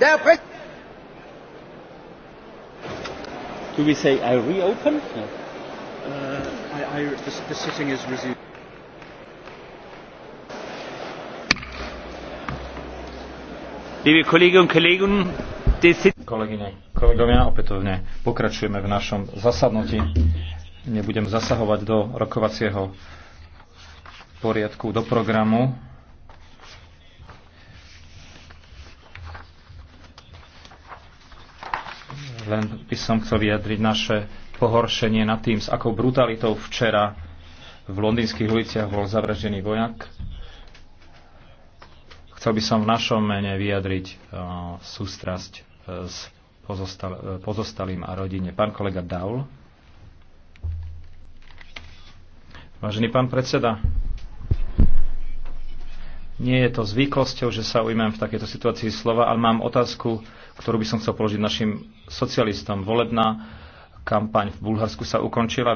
D'après. Do we say I reopen? No. Uh, I, I, the, the sitting is resumed. Liebe Kolleginnen und Kollegen, die Kolegyne, kolegovia, opätovne pokračujeme v našom zasadnutí. Nebudem zasahovať do rokovacieho poriadku, do programu. Len by som chcel vyjadriť naše pohoršenie nad tým, s akou brutalitou včera v londýnskych uliciach bol zavraždený vojak. Chcel by som v našom mene vyjadriť uh, sústrasť uh, s pozostal, uh, pozostalým a rodine. Pán kolega Daul. Vážený pán predseda, nie je to zvyklosťou, že sa ujmem v takejto situácii slova, ale mám otázku, ktorú by som chcel položiť našim socialistom. Volebná kampaň v Bulharsku sa ukončila.